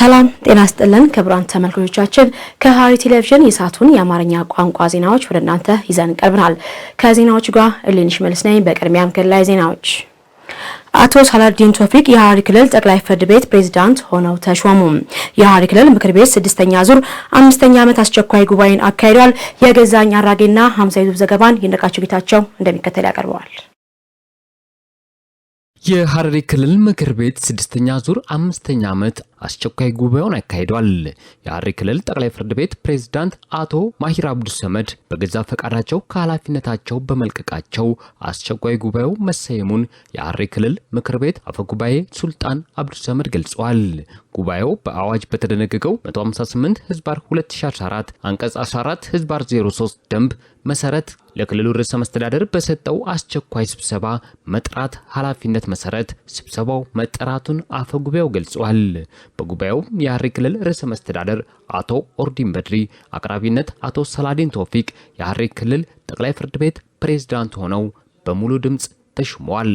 ሰላም ጤና ስጥልን ክቡራን ተመልካቾቻችን፣ ከሐረሪ ቴሌቪዥን የሰዓቱን የአማርኛ ቋንቋ ዜናዎች ወደ እናንተ ይዘን ቀርበናል። ከዜናዎቹ ጋር እሌንሽ መልስ ነኝ። በቅድሚያም ክልላዊ ዜናዎች። አቶ ሳላዲን ቶፊቅ የሐረሪ ክልል ጠቅላይ ፍርድ ቤት ፕሬዝዳንት ሆነው ተሾሙ። የሐረሪ ክልል ምክር ቤት ስድስተኛ ዙር አምስተኛ ዓመት አስቸኳይ ጉባኤን አካሂዷል። የገዛኝ አራጌና ሀምሳ ዘገባን የነቃቸው ጌታቸው እንደሚከተል ያቀርበዋል። የሐረሪ ክልል ምክር ቤት ስድስተኛ ዙር አምስተኛ ዓመት አስቸኳይ ጉባኤውን አካሂዷል። የሐረሪ ክልል ጠቅላይ ፍርድ ቤት ፕሬዝዳንት አቶ ማሂር አብዱሰመድ ሰመድ በገዛ ፈቃዳቸው ከኃላፊነታቸው በመልቀቃቸው አስቸኳይ ጉባኤው መሰየሙን የሐረሪ ክልል ምክር ቤት አፈ ጉባኤ ሱልጣን አብዱሰመድ ሰመድ ገልጸዋል። ጉባኤው በአዋጅ በተደነገገው 158 ህዝባር 2014 አንቀጽ 14 ህዝባር 03 ደንብ መሰረት ለክልሉ ርዕሰ መስተዳደር በሰጠው አስቸኳይ ስብሰባ መጥራት ኃላፊነት መሰረት ስብሰባው መጠራቱን አፈ ጉባኤው ገልጸዋል። በጉባኤው የሐረሪ ክልል ርዕሰ መስተዳደር አቶ ኦርዲን በድሪ አቅራቢነት አቶ ሰላዲን ቶፊቅ የሐረሪ ክልል ጠቅላይ ፍርድ ቤት ፕሬዝዳንት ሆነው በሙሉ ድምፅ ተሽሟል።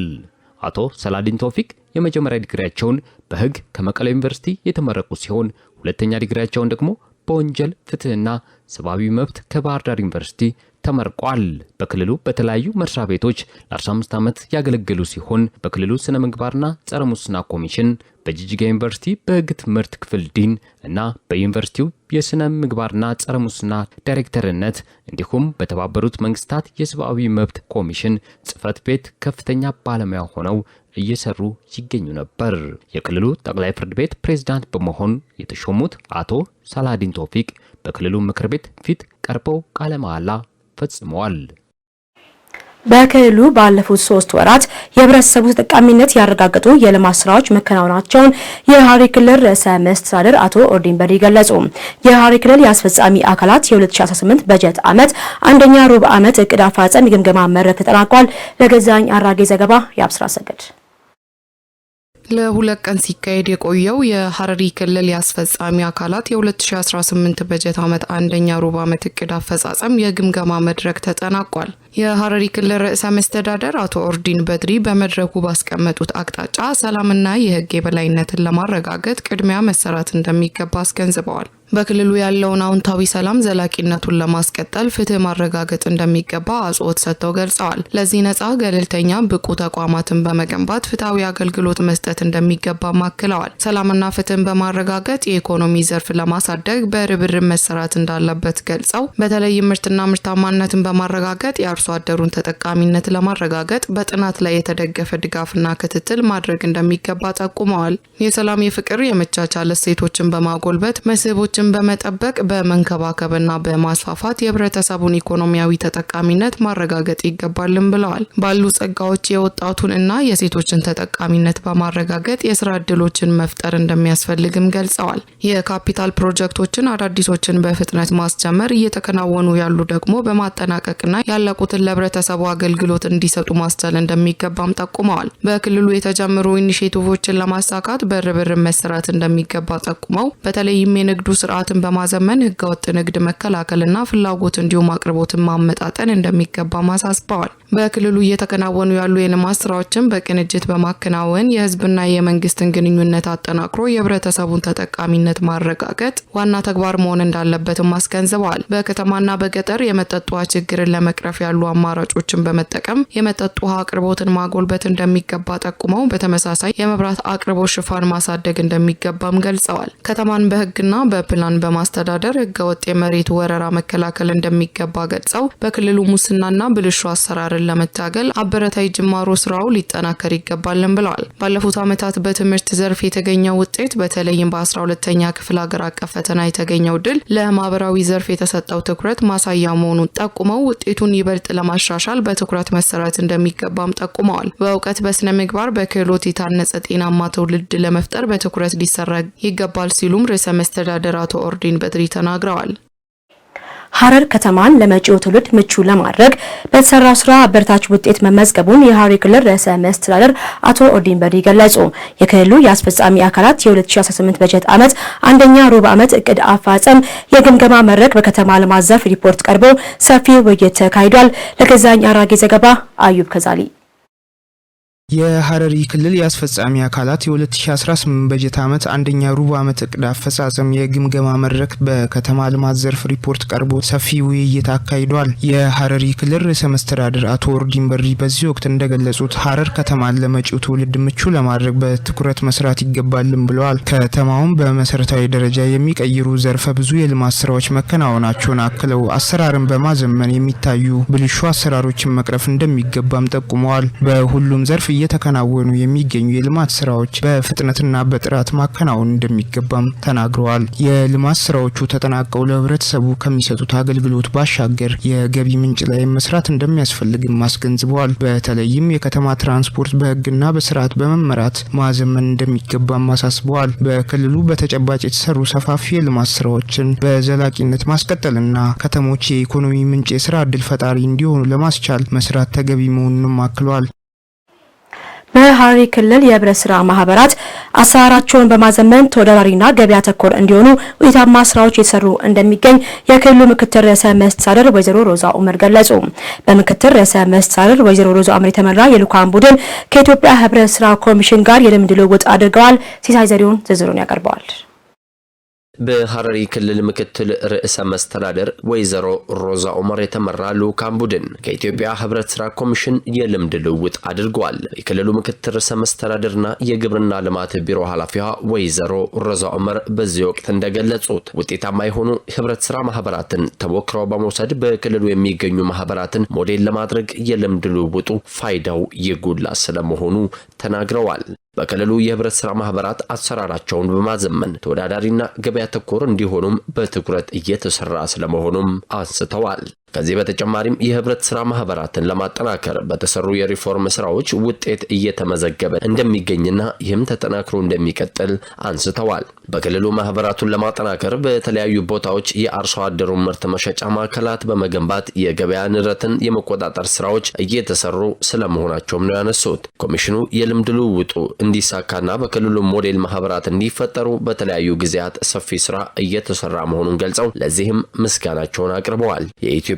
አቶ ሰላዲን ቶፊቅ የመጀመሪያ ዲግሪያቸውን በህግ ከመቀሌ ዩኒቨርሲቲ የተመረቁ ሲሆን ሁለተኛ ዲግሪያቸውን ደግሞ በወንጀል ፍትህና ሰብአዊ መብት ከባህር ዳር ዩኒቨርሲቲ ተመርቋል። በክልሉ በተለያዩ መርሻ ቤቶች ለ15 ዓመት ያገለገሉ ሲሆን በክልሉ ስነ ምግባርና ጸረ ሙስና ኮሚሽን በጅጅጋ ዩኒቨርሲቲ በሕግ ትምህርት ክፍል ዲን እና በዩኒቨርሲቲው የስነ ምግባርና ጸረ ሙስና ዳይሬክተርነት እንዲሁም በተባበሩት መንግስታት የሰብአዊ መብት ኮሚሽን ጽህፈት ቤት ከፍተኛ ባለሙያ ሆነው እየሰሩ ይገኙ ነበር። የክልሉ ጠቅላይ ፍርድ ቤት ፕሬዝዳንት በመሆን የተሾሙት አቶ ሳላዲን ቶፊቅ በክልሉ ምክር ቤት ፊት ቀርበው ቃለ መሃላ ፈጽመዋል። በክልሉ ባለፉት ሶስት ወራት የህብረተሰቡ ተጠቃሚነት ያረጋገጡ የልማት ስራዎች መከናወናቸውን የሐረሪ ክልል ርዕሰ መስተዳድር አቶ ኦርዲን በሪ ገለጹ። የሐረሪ ክልል የአስፈጻሚ አካላት የ2018 በጀት ዓመት አንደኛ ሩብ ዓመት እቅድ አፈጻጸም ግምገማ መድረክ ተጠናቋል። ለገዛኝ አራጌ ዘገባ የአብስራ ሰገድ ለሁለት ቀን ሲካሄድ የቆየው የሀረሪ ክልል የአስፈጻሚ አካላት የ2018 በጀት ዓመት አንደኛ ሩብ ዓመት እቅድ አፈጻጸም የግምገማ መድረክ ተጠናቋል። የሐረሪ ክልል ርዕሰ መስተዳደር አቶ ኦርዲን በድሪ በመድረኩ ባስቀመጡት አቅጣጫ ሰላምና የሕግ የበላይነትን ለማረጋገጥ ቅድሚያ መሰራት እንደሚገባ አስገንዝበዋል። በክልሉ ያለውን አውንታዊ ሰላም ዘላቂነቱን ለማስቀጠል ፍትህ ማረጋገጥ እንደሚገባ አጽንኦት ሰጥተው ገልጸዋል። ለዚህ ነጻ፣ ገለልተኛ፣ ብቁ ተቋማትን በመገንባት ፍትሐዊ አገልግሎት መስጠት እንደሚገባ ማክለዋል። ሰላምና ፍትህን በማረጋገጥ የኢኮኖሚ ዘርፍ ለማሳደግ በርብርብ መሰራት እንዳለበት ገልጸው በተለይም ምርትና ምርታማነትን በማረጋገጥ የአርሶ አደሩን ተጠቃሚነት ለማረጋገጥ በጥናት ላይ የተደገፈ ድጋፍና ክትትል ማድረግ እንደሚገባ ጠቁመዋል። የሰላም፣ የፍቅር፣ የመቻቻል እሴቶችን በማጎልበት መስህቦችን መብቶችን በመጠበቅ በመንከባከብና በማስፋፋት የህብረተሰቡን ኢኮኖሚያዊ ተጠቃሚነት ማረጋገጥ ይገባልን ብለዋል። ባሉ ጸጋዎች የወጣቱን እና የሴቶችን ተጠቃሚነት በማረጋገጥ የስራ እድሎችን መፍጠር እንደሚያስፈልግም ገልጸዋል። የካፒታል ፕሮጀክቶችን አዳዲሶችን በፍጥነት ማስጀመር፣ እየተከናወኑ ያሉ ደግሞ በማጠናቀቅና ያለቁትን ለህብረተሰቡ አገልግሎት እንዲሰጡ ማስቻል እንደሚገባም ጠቁመዋል። በክልሉ የተጀመሩ ኢኒሽቲቮችን ለማሳካት በርብርብ መሰራት እንደሚገባ ጠቁመው በተለይም የንግዱ ስርዓትን በማዘመን ህገወጥ ንግድ መከላከልና ፍላጎት እንዲሁም አቅርቦትን ማመጣጠን እንደሚገባም አሳስበዋል። በክልሉ እየተከናወኑ ያሉ የልማት ስራዎችን በቅንጅት በማከናወን የህዝብና የመንግስትን ግንኙነት አጠናክሮ የህብረተሰቡን ተጠቃሚነት ማረጋገጥ ዋና ተግባር መሆን እንዳለበትም አስገንዝበዋል። በከተማና በገጠር የመጠጥ ውሃ ችግርን ለመቅረፍ ያሉ አማራጮችን በመጠቀም የመጠጥ ውሃ አቅርቦትን ማጎልበት እንደሚገባ ጠቁመው በተመሳሳይ የመብራት አቅርቦት ሽፋን ማሳደግ እንደሚገባም ገልጸዋል። ከተማን በህግና በፕላን በማስተዳደር ህገወጥ የመሬት ወረራ መከላከል እንደሚገባ ገልጸው በክልሉ ሙስናና ብልሹ አሰራርን ችግርን ለመታገል አበረታይ ጅማሮ ስራው ሊጠናከር ይገባልን ብለዋል። ባለፉት ዓመታት በትምህርት ዘርፍ የተገኘው ውጤት በተለይም በ12ተኛ ክፍል ሀገር አቀፍ ፈተና የተገኘው ድል ለማህበራዊ ዘርፍ የተሰጠው ትኩረት ማሳያ መሆኑን ጠቁመው ውጤቱን ይበልጥ ለማሻሻል በትኩረት መሰራት እንደሚገባም ጠቁመዋል። በእውቀት በስነ ምግባር በክህሎት የታነጸ ጤናማ ትውልድ ለመፍጠር በትኩረት ሊሰራ ይገባል ሲሉም ርዕሰ መስተዳደር አቶ ኦርዲን በድሪ ተናግረዋል። ሀረር ከተማን ለመጪው ትውልድ ምቹ ለማድረግ በተሰራው ስራ አበረታች ውጤት መመዝገቡን የሐረሪ ክልል ርዕሰ መስተዳደር አቶ ኦርዲን በድሪ ገለጹ። የክልሉ የአስፈጻሚ አካላት የ2018 በጀት ዓመት አንደኛ ሩብ ዓመት እቅድ አፋጸም የግምገማ መድረክ በከተማ ልማት ዘርፍ ሪፖርት ቀርቦ ሰፊ ውይይት ተካሂዷል። ለገዛኝ አራጌ ዘገባ አዩብ ከዛሊ የሐረሪ ክልል የአስፈጻሚ አካላት የ2018 በጀት ዓመት አንደኛ ሩብ ዓመት እቅድ አፈጻጸም የግምገማ መድረክ በከተማ ልማት ዘርፍ ሪፖርት ቀርቦ ሰፊ ውይይት አካሂዷል። የሐረሪ ክልል ርዕሰ መስተዳድር አቶ ኦርዲን በሪ በዚህ ወቅት እንደገለጹት ሐረር ከተማን ለመጪው ትውልድ ምቹ ለማድረግ በትኩረት መስራት ይገባልም ብለዋል። ከተማውን በመሰረታዊ ደረጃ የሚቀይሩ ዘርፈ ብዙ የልማት ስራዎች መከናወናቸውን አክለው አሰራርን በማዘመን የሚታዩ ብልሹ አሰራሮችን መቅረፍ እንደሚገባም ጠቁመዋል። በሁሉም ዘርፍ እየተከናወኑ የሚገኙ የልማት ስራዎች በፍጥነትና በጥራት ማከናወን እንደሚገባም ተናግረዋል። የልማት ስራዎቹ ተጠናቀው ለህብረተሰቡ ከሚሰጡት አገልግሎት ባሻገር የገቢ ምንጭ ላይ መስራት እንደሚያስፈልግም አስገንዝበዋል። በተለይም የከተማ ትራንስፖርት በህግና በስርዓት በመመራት ማዘመን እንደሚገባም አሳስበዋል። በክልሉ በተጨባጭ የተሰሩ ሰፋፊ የልማት ስራዎችን በዘላቂነት ማስቀጠልና ከተሞች የኢኮኖሚ ምንጭ የስራ እድል ፈጣሪ እንዲሆኑ ለማስቻል መስራት ተገቢ መሆኑንም አክለዋል። በሐረሪ ክልል የህብረት ስራ ማህበራት አሰራራቸውን በማዘመን ተወዳዳሪና ገበያ ተኮር እንዲሆኑ ውጤታማ ስራዎች የተሰሩ እንደሚገኝ የክልሉ ምክትል ርዕሰ መስተዳደር ወይዘሮ ሮዛ ኡመር ገለጹ። በምክትል ርዕሰ መስተዳደር ወይዘሮ ሮዛ ኡመር የተመራ የልኡካን ቡድን ከኢትዮጵያ ህብረት ስራ ኮሚሽን ጋር የልምድ ልውውጥ አድርገዋል። ሲሳይ ዘሪሁን ዝርዝሩን ያቀርበዋል። በሐረሪ ክልል ምክትል ርዕሰ መስተዳደር ወይዘሮ ሮዛ ኦመር የተመራ ልዑካን ቡድን ከኢትዮጵያ ህብረት ስራ ኮሚሽን የልምድ ልውውጥ አድርጓል። የክልሉ ምክትል ርዕሰ መስተዳደርና የግብርና ልማት ቢሮ ኃላፊዋ ወይዘሮ ሮዛ ኦመር በዚህ ወቅት እንደገለጹት ውጤታማ የሆኑ ህብረት ስራ ማህበራትን ተሞክረው በመውሰድ በክልሉ የሚገኙ ማህበራትን ሞዴል ለማድረግ የልምድ ልውውጡ ፋይዳው የጎላ ስለመሆኑ ተናግረዋል። በክልሉ የህብረት ስራ ማህበራት አሰራራቸውን በማዘመን ተወዳዳሪና ገበያ ተኮር እንዲሆኑም በትኩረት እየተሰራ ስለመሆኑም አንስተዋል። ከዚህ በተጨማሪም የህብረት ስራ ማህበራትን ለማጠናከር በተሰሩ የሪፎርም ስራዎች ውጤት እየተመዘገበ እንደሚገኝና ይህም ተጠናክሮ እንደሚቀጥል አንስተዋል። በክልሉ ማህበራቱን ለማጠናከር በተለያዩ ቦታዎች የአርሶ አደሩን ምርት መሸጫ ማዕከላት በመገንባት የገበያ ንረትን የመቆጣጠር ስራዎች እየተሰሩ ስለመሆናቸውም ነው ያነሱት። ኮሚሽኑ የልምድ ልውውጡ እንዲሳካና በክልሉ ሞዴል ማህበራት እንዲፈጠሩ በተለያዩ ጊዜያት ሰፊ ስራ እየተሰራ መሆኑን ገልጸው ለዚህም ምስጋናቸውን አቅርበዋል።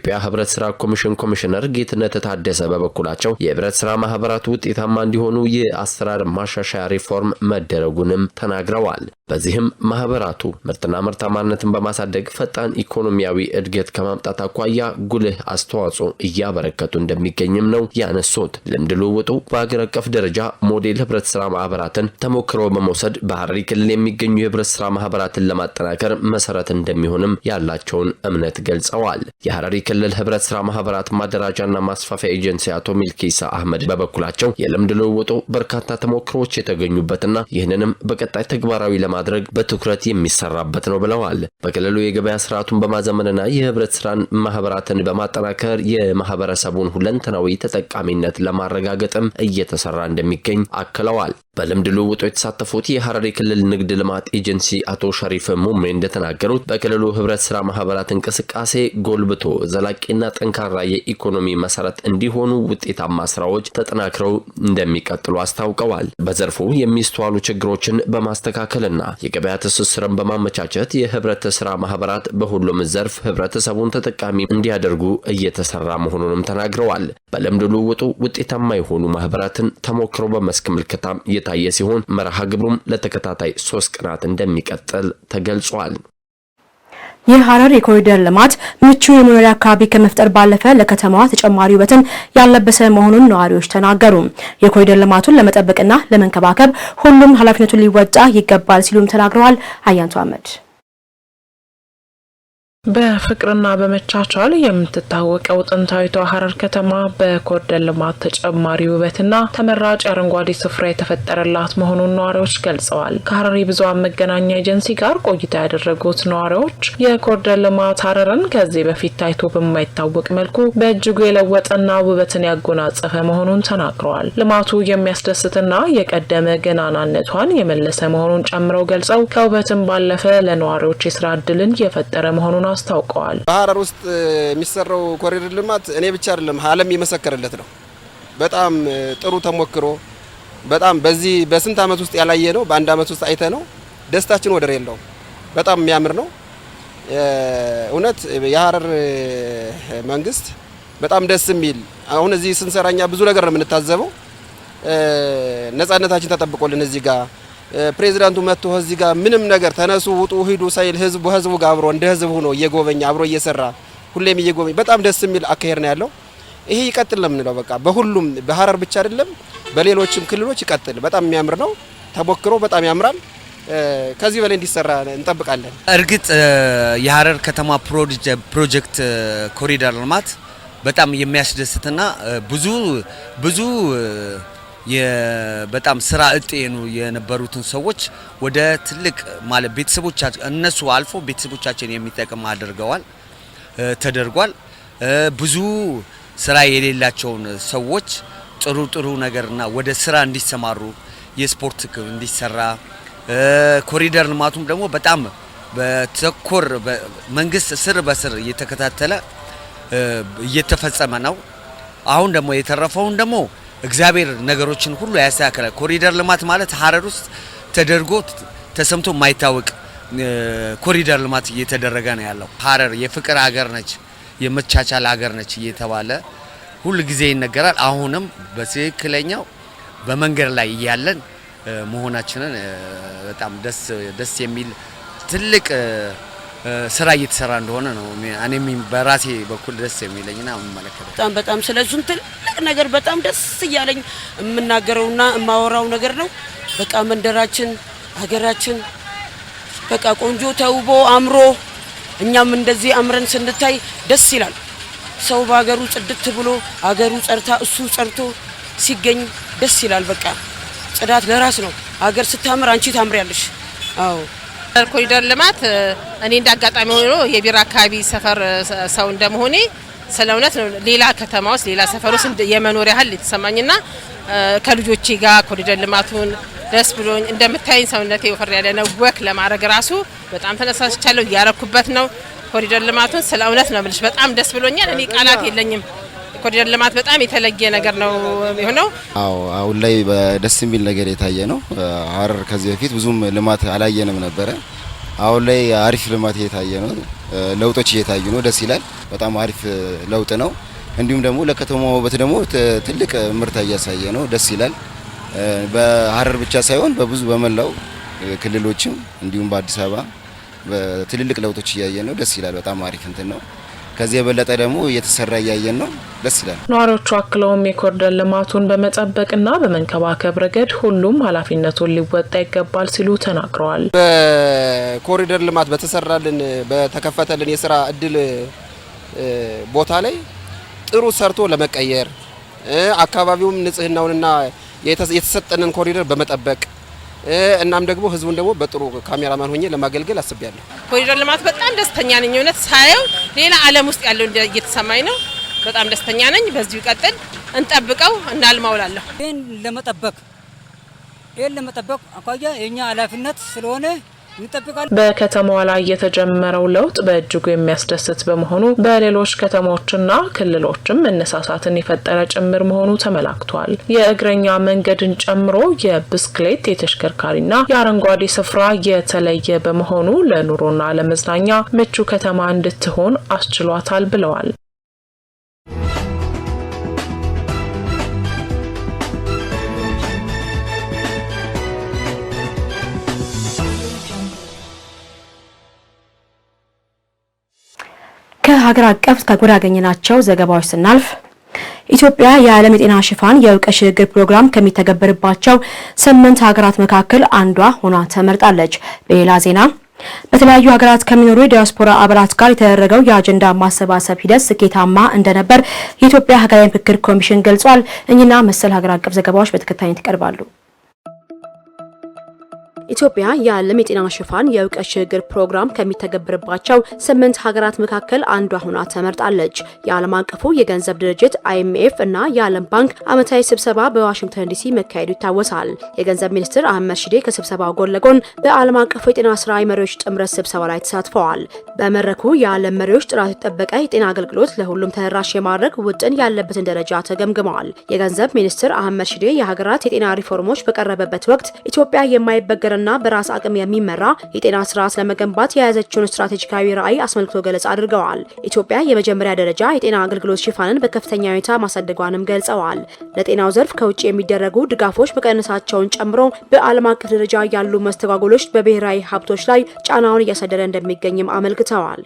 የኢትዮጵያ ህብረት ስራ ኮሚሽን ኮሚሽነር ጌትነት ታደሰ በበኩላቸው የህብረት ስራ ማህበራት ውጤታማ እንዲሆኑ የአሰራር ማሻሻያ ሪፎርም መደረጉንም ተናግረዋል። በዚህም ማህበራቱ ምርትና ምርታማነትን በማሳደግ ፈጣን ኢኮኖሚያዊ እድገት ከማምጣት አኳያ ጉልህ አስተዋጽኦ እያበረከቱ እንደሚገኝም ነው ያነሱት። ልምድ ልውውጡ በአገር አቀፍ ደረጃ ሞዴል ህብረት ስራ ማህበራትን ተሞክሮ በመውሰድ በሐረሪ ክልል የሚገኙ የህብረት ስራ ማህበራትን ለማጠናከር መሰረት እንደሚሆንም ያላቸውን እምነት ገልጸዋል። የሐረሪ ክልል ህብረት ስራ ማህበራት ማደራጃና ማስፋፊያ ኤጀንሲ አቶ ሚልኪሳ አህመድ በበኩላቸው የልምድ ልውውጡ በርካታ ተሞክሮዎች የተገኙበትና ይህንንም በቀጣይ ተግባራዊ ለማ ለማድረግ በትኩረት የሚሰራበት ነው ብለዋል። በክልሉ የገበያ ስርዓቱን በማዘመንና የህብረት ስራን ማህበራትን በማጠናከር የማህበረሰቡን ሁለንተናዊ ተጠቃሚነት ለማረጋገጥም እየተሰራ እንደሚገኝ አክለዋል። በልምድ ልውውጡ የተሳተፉት የሐረሪ ክልል ንግድ ልማት ኤጀንሲ አቶ ሸሪፍ ሙሜ እንደተናገሩት በክልሉ ህብረት ስራ ማህበራት እንቅስቃሴ ጎልብቶ ዘላቂና ጠንካራ የኢኮኖሚ መሰረት እንዲሆኑ ውጤታማ ስራዎች ተጠናክረው እንደሚቀጥሉ አስታውቀዋል። በዘርፉ የሚስተዋሉ ችግሮችን በማስተካከልና የገበያ ትስስርን በማመቻቸት የህብረት ስራ ማህበራት በሁሉም ዘርፍ ህብረተሰቡን ተጠቃሚ እንዲያደርጉ እየተሰራ መሆኑንም ተናግረዋል። በልምድ ልውውጡ ውጤታማ የሆኑ ማህበራትን ተሞክሮ በመስክ ምልከታም የታየ ሲሆን መርሃ ግብሩም ለተከታታይ ሶስት ቀናት እንደሚቀጥል ተገልጿል። የሀረር የኮሪደር ልማት ምቹ የመኖሪያ አካባቢ ከመፍጠር ባለፈ ለከተማዋ ተጨማሪ ውበትን ያለበሰ መሆኑን ነዋሪዎች ተናገሩ። የኮሪደር ልማቱን ለመጠበቅና ለመንከባከብ ሁሉም ኃላፊነቱን ሊወጣ ይገባል ሲሉም ተናግረዋል። አያንቱ አህመድ በፍቅርና በመቻቻል የምትታወቀው ጥንታዊቷ ሀረር ከተማ በኮሪደር ልማት ተጨማሪ ውበትና ተመራጭ አረንጓዴ ስፍራ የተፈጠረላት መሆኑን ነዋሪዎች ገልጸዋል። ከሀረሪ ብዙኃን መገናኛ ኤጀንሲ ጋር ቆይታ ያደረጉት ነዋሪዎች የኮሪደር ልማት ሀረርን ከዚህ በፊት ታይቶ በማይታወቅ መልኩ በእጅጉ የለወጠና ውበትን ያጎናጸፈ መሆኑን ተናግረዋል። ልማቱ የሚያስደስትና የቀደመ ገናናነቷን የመለሰ መሆኑን ጨምረው ገልጸው ከውበትን ባለፈ ለነዋሪዎች የስራ እድልን የፈጠረ መሆኑን አስታውቀዋል። በሀረር ውስጥ የሚሰራው ኮሪደር ልማት እኔ ብቻ አይደለም ዓለም የመሰከረለት ነው። በጣም ጥሩ ተሞክሮ በጣም በዚህ በስንት አመት ውስጥ ያላየ ነው በአንድ አመት ውስጥ አይተ ነው ደስታችን ወደር የለውም። በጣም የሚያምር ነው እውነት የሀረር መንግስት በጣም ደስ የሚል አሁን እዚህ ስንሰራኛ ብዙ ነገር ነው የምንታዘበው። ነጻነታችን ተጠብቆልን እዚህ ጋር ፕሬዚዳንቱ መጥቶ እዚህ ጋር ምንም ነገር ተነሱ፣ ውጡ፣ ሂዱ ሳይል ህዝቡ ህዝቡ ጋር አብሮ እንደ ህዝብ ሆኖ እየጎበኘ አብሮ እየሰራ ሁሌም እየጎበኘ በጣም ደስ የሚል አካሄድ ነው ያለው። ይሄ ይቀጥል ለምንለው በቃ በሁሉም በሀረር ብቻ አይደለም በሌሎችም ክልሎች ይቀጥል። በጣም የሚያምር ነው ተሞክሮ በጣም ያምራል። ከዚህ በላይ እንዲሰራ እንጠብቃለን። እርግጥ የሀረር ከተማ ፕሮጀክት ኮሪደር ልማት በጣም የሚያስደስትና ብዙ ብዙ በጣም ስራ እጥ የነበሩትን ሰዎች ወደ ትልቅ ማለት ቤተሰቦቻቸው እነሱ አልፎ ቤተሰቦቻችን የሚጠቅም አድርገዋል ተደርጓል። ብዙ ስራ የሌላቸውን ሰዎች ጥሩ ጥሩ ነገርና ወደ ስራ እንዲሰማሩ የስፖርት እንዲሰራ ኮሪደር ልማቱም ደግሞ በጣም በተኮር መንግስት ስር በስር እየተከታተለ እየተፈጸመ ነው። አሁን ደግሞ የተረፈውን ደግሞ እግዚአብሔር ነገሮችን ሁሉ ያስተካክላል። ኮሪደር ልማት ማለት ሀረር ውስጥ ተደርጎ ተሰምቶ የማይታወቅ ኮሪደር ልማት እየተደረገ ነው ያለው። ሀረር የፍቅር ሀገር ነች፣ የመቻቻል ሀገር ነች እየተባለ ሁል ጊዜ ይነገራል። አሁንም በትክክለኛው በመንገድ ላይ እያለን መሆናችንን በጣም ደስ ደስ የሚል ትልቅ ስራ እየተሰራ እንደሆነ ነው። እኔም በራሴ በኩል ደስ የሚለኝና የምመለከተው በጣም በጣም ስለዙን ትልቅ ነገር በጣም ደስ እያለኝ የምናገረውና የማወራው ነገር ነው። በቃ መንደራችን ሀገራችን በቃ ቆንጆ ተውቦ አምሮ እኛም እንደዚህ አምረን ስንታይ ደስ ይላል። ሰው በሀገሩ ጽድት ብሎ አገሩ ጸርታ እሱ ጸርቶ ሲገኝ ደስ ይላል። በቃ ጽዳት ለራስ ነው። አገር ስታምር አንቺ ታምሪያለሽ። አዎ ኮሪደር ልማት እኔ እንዳጋጣሚ ሆኖ የቢራ አካባቢ ሰፈር ሰው እንደመሆኔ ስለ እውነት ሌላ ከተማ ውስጥ ሌላ ሰፈር ውስጥ የመኖር ያህል የተሰማኝና ከልጆቼ ጋር ኮሪደር ልማቱን ደስ ብሎኝ እንደምታየኝ ሰውነቴ ወፈር ያለ ነው። ወክ ለማድረግ ራሱ በጣም ተነሳስቻለሁ፣ እያረኩበት ነው። ኮሪደር ልማቱን ስለ እውነት ነው ብልሽ በጣም ደስ ብሎኛል። እኔ ቃላት የለኝም። የኮሪደር ልማት በጣም የተለየ ነገር ነው የሆነው። አዎ አሁን ላይ ደስ የሚል ነገር የታየ ነው። ሀረር ከዚህ በፊት ብዙም ልማት አላየንም ነበረ። አሁን ላይ አሪፍ ልማት እየታየ ነው። ለውጦች እየታዩ ነው። ደስ ይላል። በጣም አሪፍ ለውጥ ነው። እንዲሁም ደግሞ ለከተማ ውበት ደግሞ ትልቅ ምርታ እያሳየ ነው። ደስ ይላል። በሀረር ብቻ ሳይሆን በብዙ በመላው ክልሎችም እንዲሁም በአዲስ አበባ ትልልቅ ለውጦች እያየ ነው። ደስ ይላል። በጣም አሪፍ እንትን ነው። ከዚህ የበለጠ ደግሞ እየተሰራ እያየን ነው። ደስ ይላል። ነዋሪዎቹ አክለውም የኮሪደር ልማቱን በመጠበቅና በመንከባከብ ረገድ ሁሉም ኃላፊነቱን ሊወጣ ይገባል ሲሉ ተናግረዋል። በኮሪደር ልማት በተሰራልን በተከፈተልን የስራ እድል ቦታ ላይ ጥሩ ሰርቶ ለመቀየር አካባቢውም ንጽህናውንና የተሰጠንን ኮሪደር በመጠበቅ እናም ደግሞ ህዝቡን ደግሞ በጥሩ ካሜራማን ሆኜ ለማገልገል አስቤያለሁ። ኮሪደር ልማት በጣም ደስተኛ ነኝ እውነት ሳየው ሌላ ዓለም ውስጥ ያለው እየተሰማኝ ነው። በጣም ደስተኛ ነኝ። በዚሁ ይቀጥል፣ እንጠብቀው፣ እናልማውላለሁ። ይህን ለመጠበቅ ይህን ለመጠበቅ አኳያ የእኛ ኃላፊነት ስለሆነ በከተማዋ ላይ የተጀመረው ለውጥ በእጅጉ የሚያስደስት በመሆኑ በሌሎች ከተሞችና ክልሎችም መነሳሳትን የፈጠረ ጭምር መሆኑ ተመላክቷል። የእግረኛ መንገድን ጨምሮ የብስክሌት የተሽከርካሪና የአረንጓዴ ስፍራ የተለየ በመሆኑ ለኑሮና ለመዝናኛ ምቹ ከተማ እንድትሆን አስችሏታል ብለዋል። ከሀገር አቀፍ ከጎራ ያገኘናቸው ዘገባዎች ስናልፍ ኢትዮጵያ የዓለም የጤና ሽፋን የእውቀት ሽግግር ፕሮግራም ከሚተገበርባቸው ስምንት ሀገራት መካከል አንዷ ሆኗ ተመርጣለች። በሌላ ዜና በተለያዩ ሀገራት ከሚኖሩ የዲያስፖራ አባላት ጋር የተደረገው የአጀንዳ ማሰባሰብ ሂደት ስኬታማ እንደነበር የኢትዮጵያ ሀገራዊ ምክክር ኮሚሽን ገልጿል። እኚህና መሰል ሀገር አቀፍ ዘገባዎች በተከታይነት ይቀርባሉ። ኢትዮጵያ የዓለም የጤና ሽፋን የእውቀት ሽግግር ፕሮግራም ከሚተገብርባቸው ስምንት ሀገራት መካከል አንዷ ሆና ተመርጣለች። የዓለም አቀፉ የገንዘብ ድርጅት አይኤምኤፍ እና የዓለም ባንክ ዓመታዊ ስብሰባ በዋሽንግተን ዲሲ መካሄዱ ይታወሳል። የገንዘብ ሚኒስትር አህመድ ሽዴ ከስብሰባው ጎን ለጎን በዓለም አቀፉ የጤና ስራ መሪዎች ጥምረት ስብሰባ ላይ ተሳትፈዋል። በመድረኩ የዓለም መሪዎች ጥራት የጠበቀ የጤና አገልግሎት ለሁሉም ተደራሽ የማድረግ ውጥን ያለበትን ደረጃ ተገምግመዋል። የገንዘብ ሚኒስትር አህመድ ሽዴ የሀገራት የጤና ሪፎርሞች በቀረበበት ወቅት ኢትዮጵያ የማይበገረ በአጋርና በራስ አቅም የሚመራ የጤና ስርዓት ለመገንባት የያዘችውን ስትራቴጂካዊ ራዕይ አስመልክቶ ገለጻ አድርገዋል። ኢትዮጵያ የመጀመሪያ ደረጃ የጤና አገልግሎት ሽፋንን በከፍተኛ ሁኔታ ማሳደጓንም ገልጸዋል። ለጤናው ዘርፍ ከውጭ የሚደረጉ ድጋፎች መቀነሳቸውን ጨምሮ በዓለም አቀፍ ደረጃ ያሉ መስተጓጎሎች በብሔራዊ ሀብቶች ላይ ጫናውን እያሳደረ እንደሚገኝም አመልክተዋል።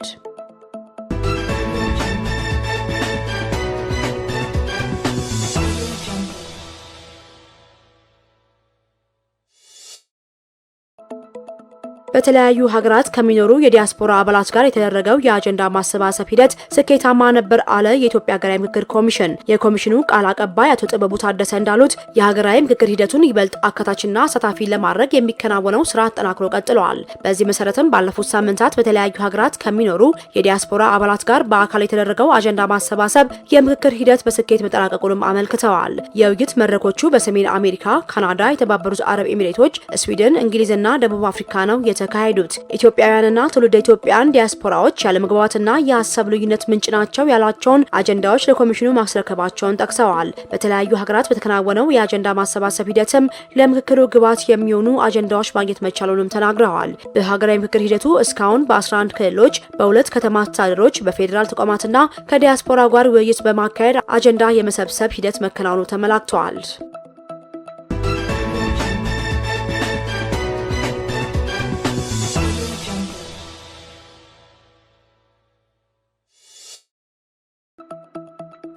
በተለያዩ ሀገራት ከሚኖሩ የዲያስፖራ አባላት ጋር የተደረገው የአጀንዳ ማሰባሰብ ሂደት ስኬታማ ነበር አለ የኢትዮጵያ ሀገራዊ ምክክር ኮሚሽን። የኮሚሽኑ ቃል አቀባይ አቶ ጥበቡ ታደሰ እንዳሉት የሀገራዊ ምክክር ሂደቱን ይበልጥ አካታችና አሳታፊ ለማድረግ የሚከናወነው ስራ አጠናክሮ ቀጥለዋል። በዚህ መሰረትም ባለፉት ሳምንታት በተለያዩ ሀገራት ከሚኖሩ የዲያስፖራ አባላት ጋር በአካል የተደረገው አጀንዳ ማሰባሰብ የምክክር ሂደት በስኬት መጠናቀቁንም አመልክተዋል። የውይይት መድረኮቹ በሰሜን አሜሪካ፣ ካናዳ፣ የተባበሩት አረብ ኤሚሬቶች፣ ስዊድን፣ እንግሊዝና ደቡብ አፍሪካ ነው የተ የተካሄዱት። ኢትዮጵያውያንና ትውልደ ኢትዮጵያን ዲያስፖራዎች ያለመግባባትና የሀሳብ ልዩነት ምንጭ ናቸው ያላቸውን አጀንዳዎች ለኮሚሽኑ ማስረከባቸውን ጠቅሰዋል። በተለያዩ ሀገራት በተከናወነው የአጀንዳ ማሰባሰብ ሂደትም ለምክክሩ ግብዓት የሚሆኑ አጀንዳዎች ማግኘት መቻሉንም ተናግረዋል። በሀገራዊ ምክክር ሂደቱ እስካሁን በ11 ክልሎች፣ በሁለት ከተማ አስተዳደሮች፣ በፌዴራል ተቋማትና ከዲያስፖራ ጋር ውይይት በማካሄድ አጀንዳ የመሰብሰብ ሂደት መከናወኑ ተመላክተዋል።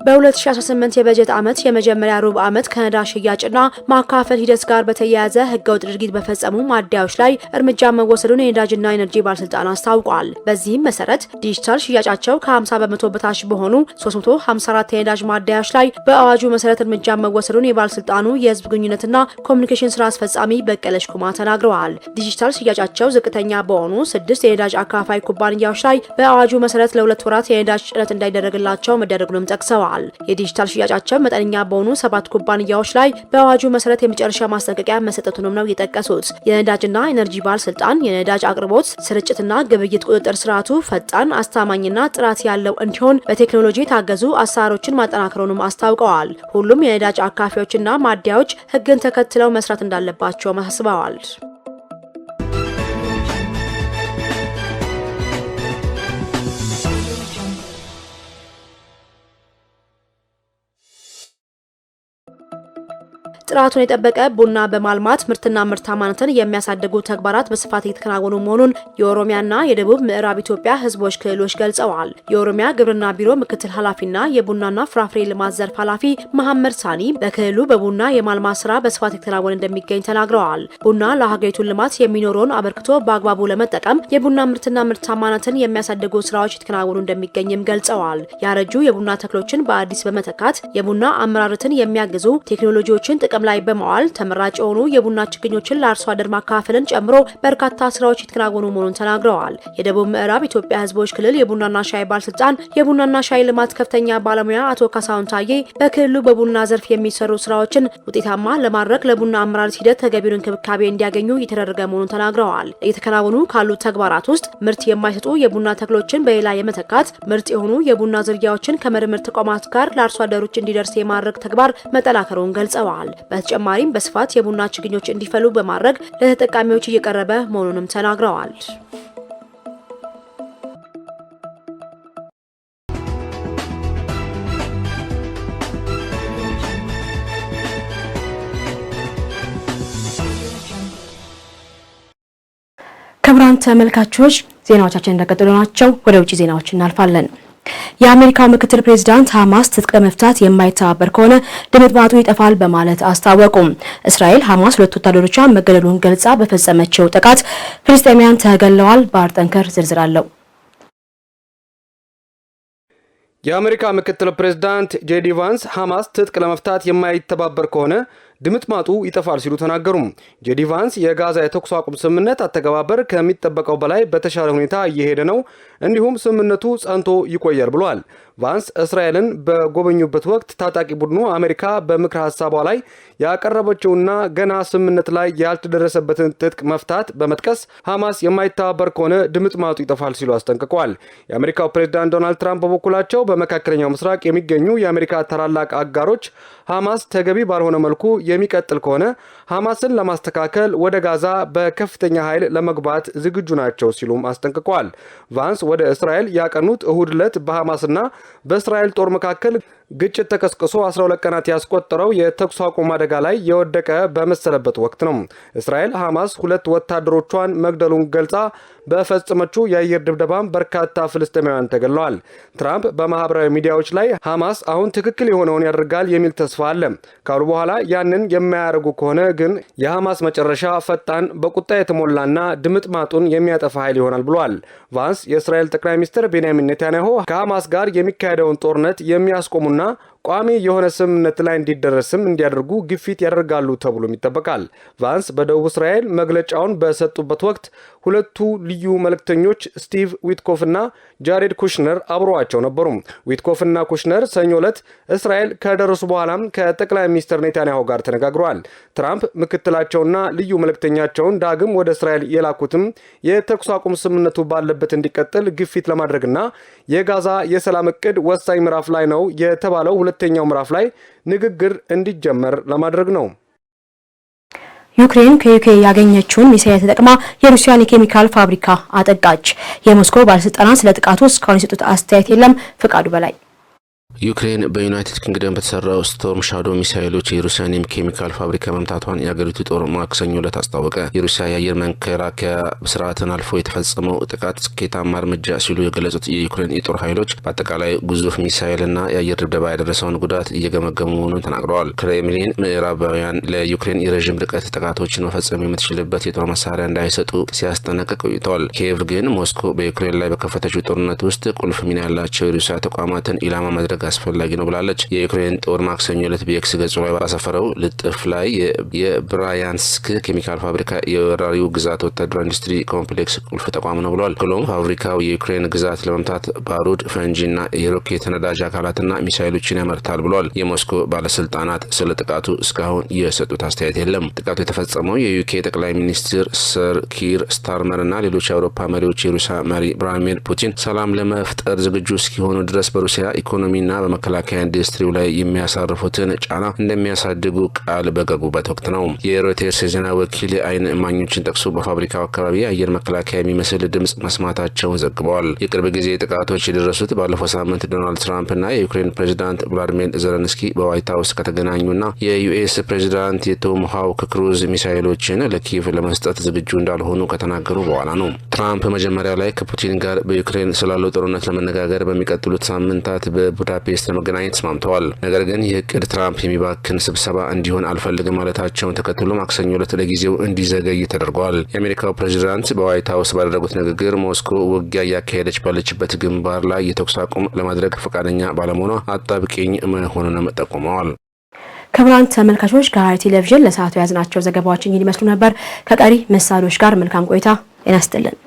በ2018 የበጀት ዓመት የመጀመሪያ ሩብ ዓመት ከነዳጅ ሽያጭና ማካፈል ሂደት ጋር በተያያዘ ህገወጥ ድርጊት በፈጸሙ ማደያዎች ላይ እርምጃ መወሰዱን የነዳጅና ኤነርጂ ባለስልጣን አስታውቋል። በዚህም መሰረት ዲጂታል ሽያጫቸው ከ50 በመቶ በታች በሆኑ 354 የነዳጅ ማደያዎች ላይ በአዋጁ መሰረት እርምጃ መወሰዱን የባለስልጣኑ የህዝብ ግንኙነትና ኮሚኒኬሽን ስራ አስፈጻሚ በቀለሽ ኩማ ተናግረዋል። ዲጂታል ሽያጫቸው ዝቅተኛ በሆኑ ስድስት የነዳጅ አካፋይ ኩባንያዎች ላይ በአዋጁ መሰረት ለሁለት ወራት የነዳጅ ጭረት እንዳይደረግላቸው መደረጉንም ጠቅሰዋል። ገልጸዋል። የዲጂታል ሽያጫቸው መጠነኛ በሆኑ ሰባት ኩባንያዎች ላይ በአዋጁ መሰረት የመጨረሻ ማስጠንቀቂያ መሰጠቱንም ነው የጠቀሱት። የነዳጅና ኤነርጂ ባለስልጣን የነዳጅ አቅርቦት ስርጭትና ግብይት ቁጥጥር ስርዓቱ ፈጣን፣ አስተማማኝና ጥራት ያለው እንዲሆን በቴክኖሎጂ የታገዙ አሰራሮችን ማጠናከሩንም አስታውቀዋል። ሁሉም የነዳጅ አካፊዎችና ማደያዎች ህግን ተከትለው መስራት እንዳለባቸው አሳስበዋል። ጥራቱን የጠበቀ ቡና በማልማት ምርትና ምርታማነትን የሚያሳድጉ ተግባራት በስፋት እየተከናወኑ መሆኑን የኦሮሚያና የደቡብ ምዕራብ ኢትዮጵያ ህዝቦች ክልሎች ገልጸዋል። የኦሮሚያ ግብርና ቢሮ ምክትል ኃላፊና የቡናና ፍራፍሬ ልማት ዘርፍ ኃላፊ መሐመድ ሳኒ በክልሉ በቡና የማልማት ስራ በስፋት እየተከናወነ እንደሚገኝ ተናግረዋል። ቡና ለሀገሪቱን ልማት የሚኖረውን አበርክቶ በአግባቡ ለመጠቀም የቡና ምርትና ምርታማነትን የሚያሳድጉ ስራዎች የተከናወኑ እንደሚገኝም ገልጸዋል። ያረጁ የቡና ተክሎችን በአዲስ በመተካት የቡና አመራርትን የሚያግዙ ቴክኖሎጂዎችን ጥቅም ጥቅም ላይ በመዋል ተመራጭ የሆኑ የቡና ችግኞችን ለአርሶ አደር ማካፈልን ጨምሮ በርካታ ስራዎች የተከናወኑ መሆኑን ተናግረዋል። የደቡብ ምዕራብ ኢትዮጵያ ህዝቦች ክልል የቡናና ሻይ ባለስልጣን የቡናና ሻይ ልማት ከፍተኛ ባለሙያ አቶ ካሳሁን ታዬ በክልሉ በቡና ዘርፍ የሚሰሩ ስራዎችን ውጤታማ ለማድረግ ለቡና አመራረት ሂደት ተገቢውን እንክብካቤ እንዲያገኙ እየተደረገ መሆኑን ተናግረዋል። እየተከናወኑ ካሉ ተግባራት ውስጥ ምርት የማይሰጡ የቡና ተክሎችን በሌላ የመተካት፣ ምርጥ የሆኑ የቡና ዝርያዎችን ከምርምር ተቋማት ጋር ለአርሶ አደሮች እንዲደርስ የማድረግ ተግባር መጠናከሩን ገልጸዋል። በተጨማሪም በስፋት የቡና ችግኞች እንዲፈሉ በማድረግ ለተጠቃሚዎች እየቀረበ መሆኑንም ተናግረዋል። ክቡራን ተመልካቾች ዜናዎቻችን እንደቀጠሉ ናቸው። ወደ ውጭ ዜናዎች እናልፋለን። የአሜሪካው ምክትል ፕሬዚዳንት ሐማስ ትጥቅ ለመፍታት የማይተባበር ከሆነ ድምጥ ይጠፋል በማለት አስታወቁም። እስራኤል ሐማስ ሁለት ወታደሮቿ መገደሉን ገልጻ በፈጸመችው ጥቃት ፍልስጤማውያን ተገለዋል። ባህር ጠንከር ዝርዝር አለው። የአሜሪካ ምክትል ፕሬዚዳንት ጄዲ ቫንስ ሐማስ ትጥቅ ለመፍታት የማይተባበር ከሆነ ድምጥማጡ ማጡ ይጠፋል ሲሉ ተናገሩም። ጄዲ ቫንስ የጋዛ የተኩስ አቁም ስምምነት አተገባበር ከሚጠበቀው በላይ በተሻለ ሁኔታ እየሄደ ነው፣ እንዲሁም ስምምነቱ ጸንቶ ይቆያል ብሏል። ቫንስ እስራኤልን በጎበኙበት ወቅት ታጣቂ ቡድኑ አሜሪካ በምክር ሀሳቧ ላይ ያቀረበችውና ገና ስምምነት ላይ ያልተደረሰበትን ትጥቅ መፍታት በመጥቀስ ሐማስ የማይተባበር ከሆነ ድምጥማጡ ይጠፋል ሲሉ አስጠንቅቋል። የአሜሪካው ፕሬዝዳንት ዶናልድ ትራምፕ በበኩላቸው በመካከለኛው ምስራቅ የሚገኙ የአሜሪካ ታላላቅ አጋሮች ሐማስ ተገቢ ባልሆነ መልኩ የሚቀጥል ከሆነ ሐማስን ለማስተካከል ወደ ጋዛ በከፍተኛ ኃይል ለመግባት ዝግጁ ናቸው ሲሉም አስጠንቅቋል። ቫንስ ወደ እስራኤል ያቀኑት እሁድ ዕለት በሐማስና በእስራኤል ጦር መካከል ግጭት ተቀስቅሶ 12 ቀናት ያስቆጠረው የተኩስ አቁም አደጋ ላይ የወደቀ በመሰለበት ወቅት ነው። እስራኤል ሐማስ ሁለት ወታደሮቿን መግደሉን ገልጻ በፈጸመችው የአየር ድብደባም በርካታ ፍልስጤማውያን ተገለዋል። ትራምፕ በማህበራዊ ሚዲያዎች ላይ ሐማስ አሁን ትክክል የሆነውን ያደርጋል የሚል ተስፋ አለ ካሉ በኋላ ያንን የማያደርጉ ከሆነ ግን የሐማስ መጨረሻ ፈጣን፣ በቁጣ የተሞላና ድምጥማጡን የሚያጠፋ ኃይል ይሆናል ብሏል። ቫንስ የእስራኤል ጠቅላይ ሚኒስትር ቤንያሚን ኔታንያሁ ከሐማስ ጋር የሚካሄደውን ጦርነት የሚያስቆሙና main ቋሚ የሆነ ስምምነት ላይ እንዲደረስም እንዲያደርጉ ግፊት ያደርጋሉ ተብሎም ይጠበቃል። ቫንስ በደቡብ እስራኤል መግለጫውን በሰጡበት ወቅት ሁለቱ ልዩ መልእክተኞች ስቲቭ ዊትኮፍና ጃሬድ ኩሽነር አብረዋቸው ነበሩ። ዊትኮፍና ኩሽነር ሰኞ ዕለት እስራኤል ከደረሱ በኋላም ከጠቅላይ ሚኒስትር ኔታንያሁ ጋር ተነጋግረዋል። ትራምፕ ምክትላቸውና ልዩ መልእክተኛቸውን ዳግም ወደ እስራኤል የላኩትም የተኩስ አቁም ስምምነቱ ባለበት እንዲቀጥል ግፊት ለማድረግና የጋዛ የሰላም እቅድ ወሳኝ ምዕራፍ ላይ ነው የተባለው ሁለተኛው ምዕራፍ ላይ ንግግር እንዲጀመር ለማድረግ ነው። ዩክሬን ከዩኬ ያገኘችውን ሚሳኤል ተጠቅማ የሩሲያን የኬሚካል ፋብሪካ አጠቃች። የሞስኮ ባለስልጣናት ስለ ጥቃቱ እስካሁን የሰጡት አስተያየት የለም። ፈቃዱ በላይ ዩክሬን በዩናይትድ ኪንግደም በተሰራው ስቶርም ሻዶ ሚሳይሎች የሩሲያን ኬሚካል ፋብሪካ መምታቷን የአገሪቱ ጦር ማክሰኞ ዕለት አስታወቀ። የሩሲያ የአየር መንከራከያ ስርዓትን አልፎ የተፈጸመው ጥቃት ስኬታማ እርምጃ ሲሉ የገለጹት የዩክሬን የጦር ኃይሎች በአጠቃላይ ግዙፍ ሚሳይልና የአየር ድብደባ ያደረሰውን ጉዳት እየገመገሙ መሆኑን ተናግረዋል። ክሬምሊን ምዕራባውያን ለዩክሬን የረዥም ርቀት ጥቃቶችን መፈጸም የምትችልበት የጦር መሳሪያ እንዳይሰጡ ሲያስጠነቅቅ ቆይተዋል። ኪየቭ ግን ሞስኮ በዩክሬን ላይ በከፈተችው ጦርነት ውስጥ ቁልፍ ሚና ያላቸው የሩሲያ ተቋማትን ኢላማ ማድረግ አስፈላጊ ነው ብላለች። የዩክሬን ጦር ማክሰኞ ዕለት በኤክስ ገጹ ላይ ባሰፈረው ልጥፍ ላይ የብራያንስክ ኬሚካል ፋብሪካ የወራሪው ግዛት ወታደራዊ ኢንዱስትሪ ኮምፕሌክስ ቁልፍ ተቋም ነው ብለዋል። ክሎም ፋብሪካው የዩክሬን ግዛት ለመምታት ባሩድ፣ ፈንጂና የሮኬት ነዳጅ አካላትና ሚሳይሎችን ያመርታል ብለዋል። የሞስኮ ባለስልጣናት ስለ ጥቃቱ እስካሁን የሰጡት አስተያየት የለም። ጥቃቱ የተፈጸመው የዩኬ ጠቅላይ ሚኒስትር ሰር ኪር ስታርመርና ሌሎች የአውሮፓ መሪዎች የሩሲያ መሪ ቭላድሚር ፑቲን ሰላም ለመፍጠር ዝግጁ እስኪሆኑ ድረስ በሩሲያ ኢኮኖሚና በመከላከያ ኢንዱስትሪው ላይ የሚያሳርፉትን ጫና እንደሚያሳድጉ ቃል በገቡበት ወቅት ነው። የሮይተርስ የዜና ወኪል አይን እማኞችን ጠቅሶ በፋብሪካው አካባቢ የአየር መከላከያ የሚመስል ድምፅ መስማታቸውን ዘግበዋል። የቅርብ ጊዜ ጥቃቶች የደረሱት ባለፈው ሳምንት ዶናልድ ትራምፕና የዩክሬን ፕሬዚዳንት ቭላዲሚር ዘለንስኪ በዋይት ሀውስ ከተገናኙና የዩኤስ ፕሬዚዳንት የቶም ሃውክ ክሩዝ ሚሳይሎችን ለኪቭ ለመስጠት ዝግጁ እንዳልሆኑ ከተናገሩ በኋላ ነው። ትራምፕ መጀመሪያ ላይ ከፑቲን ጋር በዩክሬን ስላለው ጦርነት ለመነጋገር በሚቀጥሉት ሳምንታት በቡዳ ፔስት ለመገናኘት ተስማምተዋል። ነገር ግን ይህ እቅድ ትራምፕ የሚባክን ስብሰባ እንዲሆን አልፈልግም ማለታቸውን ተከትሎ ማክሰኞ ዕለት ለጊዜው እንዲዘገይ ተደርጓል። የአሜሪካው ፕሬዚዳንት በዋይት ሀውስ ባደረጉት ንግግር ሞስኮ ውጊያ እያካሄደች ባለችበት ግንባር ላይ የተኩስ አቁም ለማድረግ ፈቃደኛ ባለመሆኗ አጣብቂኝ መሆኑንም ጠቁመዋል። ክቡራን ተመልካቾች ከሐረሪ ቴሌቪዥን ለሰዓቱ የያዝናቸው ዘገባዎችን ይመስሉ ነበር። ከቀሪ መሳሪዎች ጋር መልካም ቆይታ ጤና ይስጥልን።